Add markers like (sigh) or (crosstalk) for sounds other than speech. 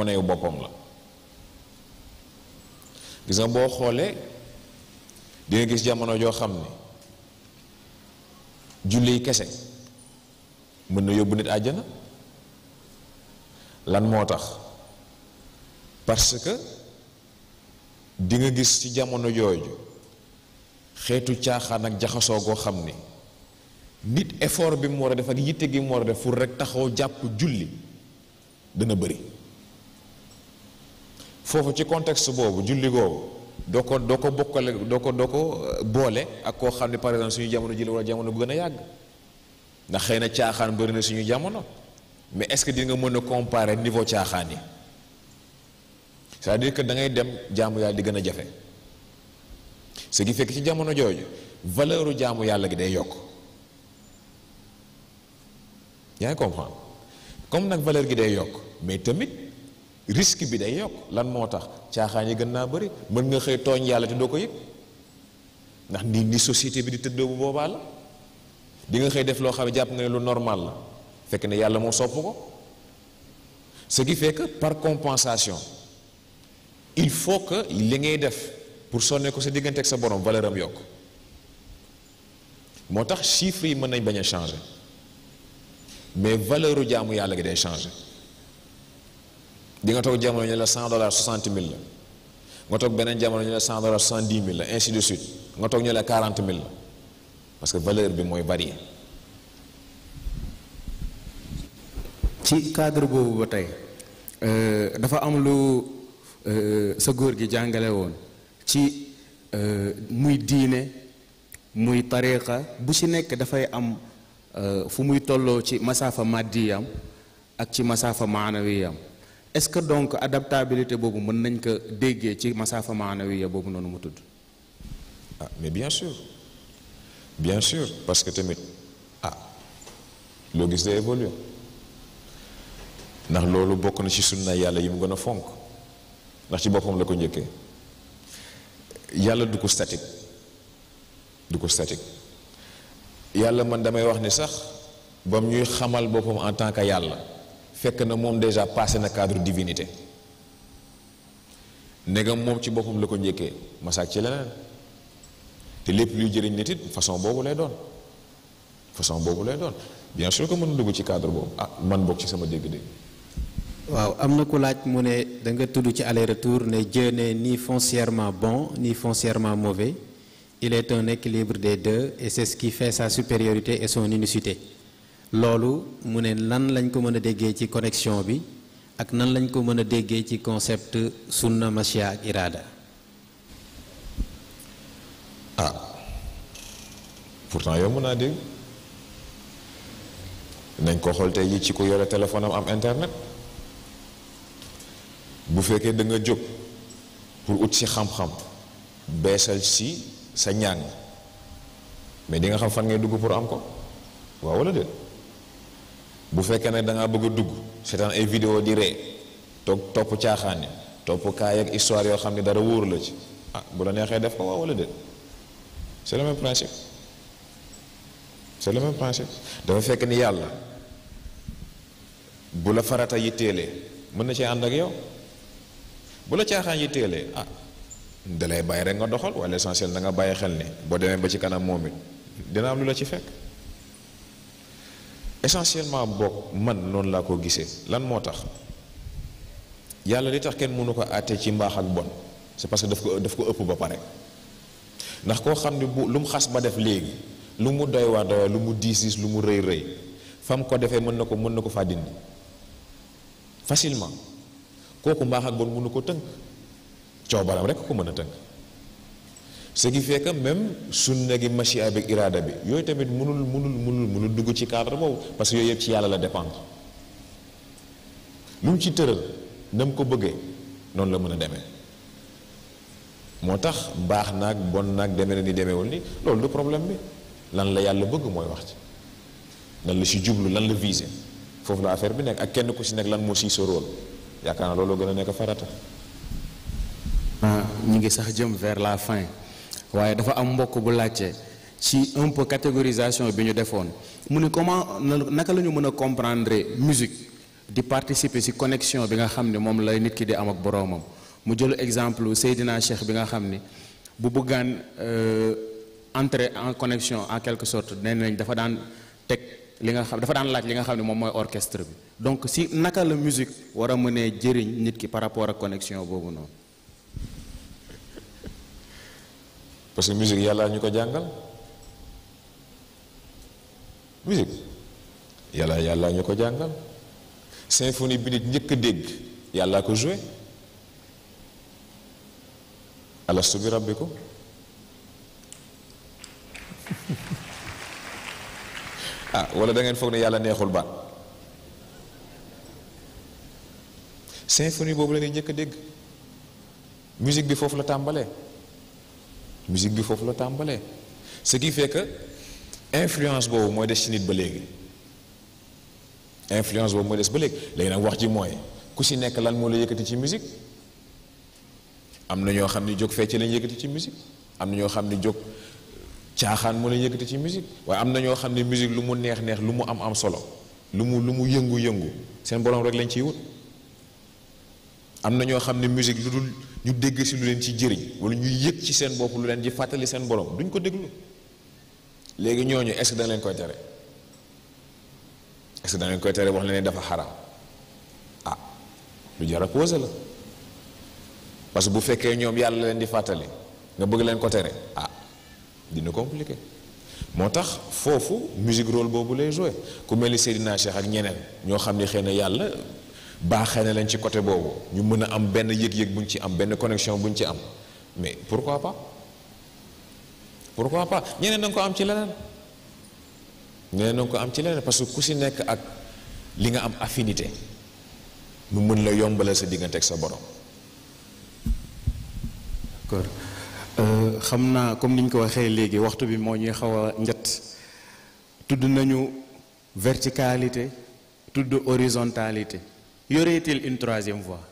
monnaie yu boppam la gis nga boo xoolee dina gis jamono joo xam ne julli kese mën na yóbbu nit àjjana lan moo tax parce que di nga gis ci jamono jooju xeetu caaxaan ak jaxasoo goo xam ni nit effort bi mu war a def ak yitte gi mu war a def pour rek taxaw jàpp julli dana bëri foofu ci contexte boobu julli googu doo ko doo ko bokkale doo ko doo ko euh, boole ak koo xam ne par exemple suñu jamono ji la wala jamono bu gën a yàgg ndax xëy na caaxaan bëri na suñu jamono mais est-ce que di nga mën a comparer niveau caaxaan yi cest à que da ngay dem jaamu yàlla di gën a jafe ce qui ci jamono jooju valeuru jaamu yàlla gi day yokk yaa ngi comprendre comme nag valeur gi day yokk mais tamit. risque bi day yokk lan moo tax caaxaan yi gën naa bëri mën nga xëy tooñ yàlla te doo ko yëg ndax ni ni société bi di tëddoo bu boobaal la di nga xëy def loo xam ne jàpp nga ne lu normal la fekk ne yàlla moo sopp ko ce qui fait par compensation il faut que li ngay def pour sonne ko sa diggante ak sa borom valeur am yokk moo tax chiffres yi mën nañ bañ a changer mais valeuru jaamu yàlla gi day changer di nga toog jamono ñu la cent dollars soixante mille la nga toog beneen jamono ñu la cent dollars soixante dix mille la ainsi de suite nga toog la la parce que valeur bi mooy bari ci cadre boobu ba tey euh, dafa am lu euh, sa góor gi jàngale woon ci euh, muy diine muy tariqa bu si nekk dafay am fu muy tolloo ci masaafa maddiyam ak ci masaafa maanawiyam est-ce que donc adaptabilité boobu mën nañ ko déggee ci masaafa maanawiya boobu noonu ma tudd. ah mais bien sûr bien sûr parce que tamit ah loo gis day évoluer ndax loolu bokk na ci na yàlla yi mu gën a fonk ndax ci boppam la ko njëkkee yàlla du ko statique du ko statique yàlla man damay wax ni sax bam ñuy xamal boppam en tant que yàlla. fekk na moom déjà passé na cadre divinité ndegam moom ci boppam la ko njëkkee masaak ci leneen te lépp luy jëriñ nit it façon boobu lay doon façon boobu lay doon bien sûr ko mën dugg ci cadre boobu ah man bokk ci sama dégg-dégg. waaw am na ku laaj mu ne da nga tudd ci aller retour ne Dieu n'est ni foncièrement bon ni foncièrement mauvais il est un équilibre des deux et c'est ce qui fait sa supériorité et son unicité. loolu mu ne lan lañ ko mën a déggee ci connexion bi ak nan lañ ko mën a déggee ci concept sunna machia ak iraada ah pourtant yow mën naa dégg nañ ko xool tey ji ci ko yore téléphone am am internet bu fekkee da nga jóg pour ut si xam-xam beesal si sa ñaan mais di nga xam fan ngay dugg pour am ko waaw wala déet bu fekkee nag da ngaa bëgg a dugg seetaan ay video di ree toog topp caaxaan yi topp kaay ak histoire yoo xam ne dara wóor la ci ah bu la neexee def ko waaw wala de c'est le même principe le même principe dafa fekk ni yàlla bu la farata yi téelee mën na ci ànd ak yow bu la caaxaan yi téelee ah dalay bàyyi rek nga doxal wala l'essentiel da nga bàyyi xel ni boo demee ba ci kanam moom it dina am lu la ci fekk essentiellement bokk man noonu laa ko gisee lan moo tax yàlla li tax kenn mënu ko àtte ci mbaax ak bon c'est parce que dafa ko daf ko ëpp ba pare ndax koo xam ne bu lu mu xas ba def léegi lu mu doy waa doy lu mu diis diis lu mu rëy rëy fam ko defee mën na ko mën na ko faa dindi facilement kooku mbaax ak bon mënu ko tënk coobalam rek ko mën a tënk ce qui fait que même sunna gi machia bi iraada bi yooyu tamit mënul mënul mënul mënul dugg ci cadre boobu parce que yooyu yëpp ci yàlla la dépendre lu mu ci tëral na mu ko bëggee noonu la mën a demee moo tax mbaax naag bon naag demee na ni demeewul ni loolu du problème bi lan la yàlla bëgg mooy wax ci lan la si jublu lan la visé foofu la affaire bi nekk ak kenn ku si nekk lan moo siy sa rôle yaakaar naa loolu gën a nekk farata. Ah, ñu ngi sax jëm vers la fin. waaye dafa am mbokk bu laajte ci un peu catégorisation bi ñu defoon mu ne comment naka lañu mën a comprendre musique di participer ci connection bi nga xam ne moom lay nit ki di am ak boroomam mu jël exemple Seydina Cheikh bi nga xam ni bu bëggaan euh, entrer en connexion en quelque sorte nee nañ dafa daan teg li nga xam dafa daan laaj li nga xam ne moom mooy orchestre bi donc si naka la musique war a mënee jëriñ nit ki par rapport ak connexion boobu noonu. parce que yàlla ñu ko jàngal musique yàlla yàlla ñu ko jàngal symphonie bi nit njëkk a dégg yàlla ko joué alastu bi rabbikum (laughs) ah wala da foog ne yàlla neexul baat symphonie boobu la ñuy njëkk a dégg musique bi foofu la tàmbalee musique bi foofu la tàmbalee ce qui fait que influence boobu mooy des ci nit ba léegi influence boobu mooy des ba léegi léegi nag wax ji mooy ku si nekk lan moo la yëkkati ci musique am na ñoo xam ni jóg fecc lañ yëkkati ci musique am na ñoo xam ni jóg caaxaan moo lañ yëkkati ci musique waaye am na ñoo xam ni musique lu mu neex neex lu mu am am solo lu mu lu mu yëngu-yëngu seen borom rek lañ ciy wut am na ñoo xam ne musique lu dul ñu dégg si lu leen ci jëriñ wala ñuy yëg ci seen bopp lu leen di fàttali seen borom duñ ko déglu léegi ñooñu est-ce que dañ leen koy tere est-ce leen koy tere wax la ne dafa xaraam ah lu jara a la parce que bu fekkee ñoom yàlla leen di fàttali nga bëgg leen ko tere ah dina compliqué moo tax foofu musique rôle boobu lay joué ku mel ni Seydina Cheikh ak ñeneen ñoo xam ne xëy na yàlla. baaxee na leen ci côté boobu ñu mën a am benn yëg-yëg bu ñu ci am benn connexion bu ñu ci am mais pour pourquoi pour pourquoi pas ñeneen danga ko am ci leneen ñeneen danga ko am ci leneen parce que ku si nekk ak li nga am affinité mu mën la yombalal sa diggante ak sa borom. d'accord euh, xam naa comme ni ñu ko waxee léegi waxtu bi moo ñuy xaw a njët tudd nañu verticalité tudd horizontalité. y aurait-il troisième voie